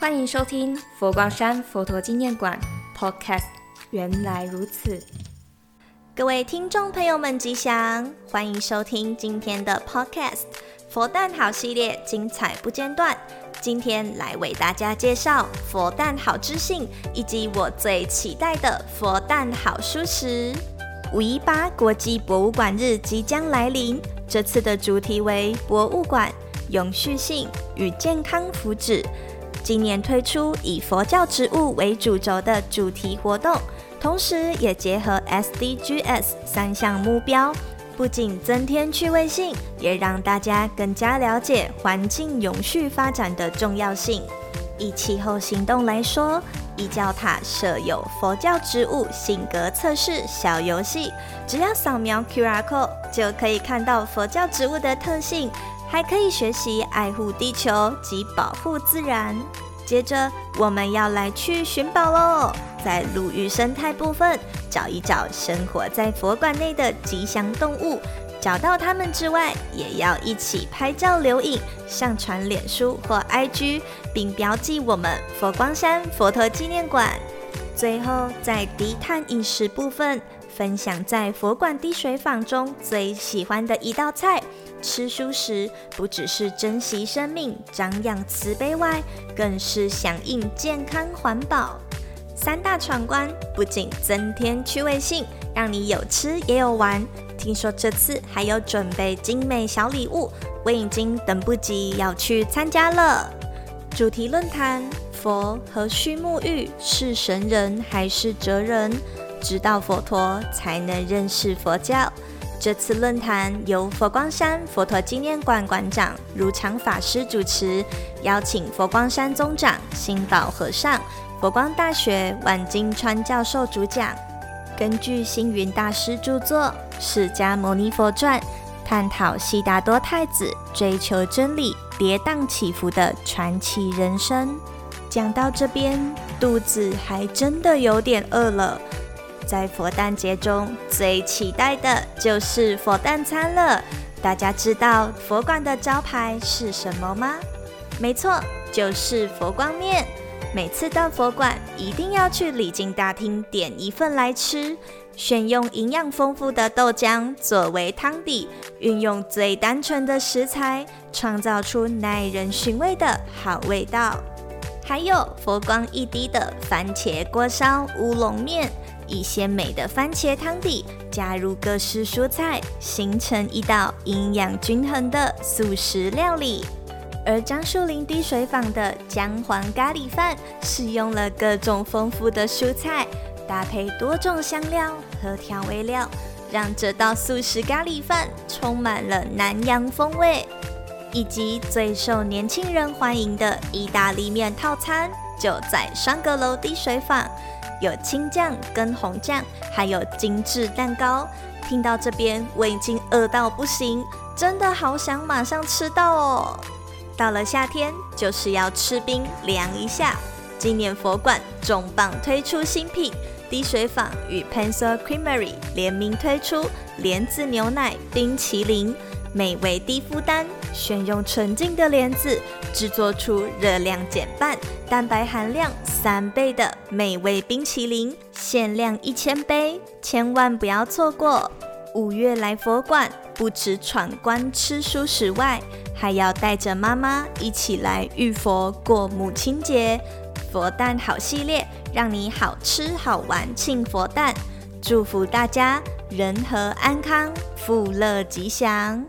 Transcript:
歡迎收聽佛光山佛陀紀念館 Podcast。原來如此，各位聽眾朋友們吉祥，歡迎收聽今天的 Podcast《佛誕好》系列，精彩不間斷。今天來為大家介紹《佛誕好》知性，以及我最期待的佛《佛誕好》蔬食。五一八國際博物館日即將來臨，這次的主題為博物館、永續性與健康福祉。今年推出以佛教植物為主軸的主題活動，同時也結合 SDGs 三項目標，不僅增添趣味性，也讓大家更加了解環境永續發展的重要性。以氣候行動來說，一教塔設有佛教植物性格測試小遊戲，只要掃描 QR code 就可以看到佛教植物的特性。還可以學習愛護地球及保護自然。接着，我們要來去尋寶嘍！在陸域生態部分，找一找生活在佛館內的吉祥動物。找到它們之外，也要一起拍照留影，上傳臉書或 IG，並標記我們佛光山佛陀紀念館。最後，在低碳飲食部分，分享在佛館滴水坊中最喜歡的一道菜。吃蔬食，不只是珍惜生命、長養慈悲外，更是響應健康環保。三大闖關不僅增添趣味性，讓你有吃也有玩。聽說這次還有準備精美小禮物，我已經等不及要去參加了。主題論壇：佛何須沐浴？是神人還是哲人？直到佛陀，才能認識佛教。這次論壇由佛光山佛陀紀念館館長如常法師主持，邀請佛光山宗長心保和尚、佛光大學萬金川教授主講，根據星雲大師著作《釋迦牟尼佛傳》，探討悉達多太子追求真理、跌宕起伏的傳奇人生。講到這邊，肚子還真的有點餓了。在佛誕節中最期待的就是佛誕餐了。大家知道佛館的招牌是什麼嗎？沒錯，就是佛光麵。每次到佛館，一定要去禮敬大廳點一份來吃。選用營養豐富的豆漿作為湯底，運用最單純的食材，創造出耐人尋味的好味道。還有佛光一滴的番茄鍋燒烏龍麵。以鮮美的番茄湯底加入各式蔬菜，形成一道營養均衡的素食料理。而樟樹林滴水坊的薑黃咖喱飯使用了各種豐富的蔬菜，搭配多種香料和調味料，讓這道素食咖喱飯充滿了南洋風味。以及最受年輕人歡迎的意大利麵套餐，就在雙閣樓滴水坊。有青醬跟紅醬，還有精致蛋糕。聽到這邊，我已經餓到不行，真的好想馬上吃到哦！到了夏天，就是要吃冰涼一下。今年佛館重磅推出新品，滴水坊與 Pencil Creamery 聯名推出蓮子牛奶冰淇淋，美味低負擔，選用純淨的蓮子制作出熱量減半、蛋白含量三倍的美味冰淇淋，限量一千杯，千萬不要錯過！五月來佛館，不只闖關吃蔬食外，還要帶着媽媽一起來浴佛過母親節。佛誕好系列，讓你好吃好玩，慶佛誕，祝福大家人和安康，富樂吉祥。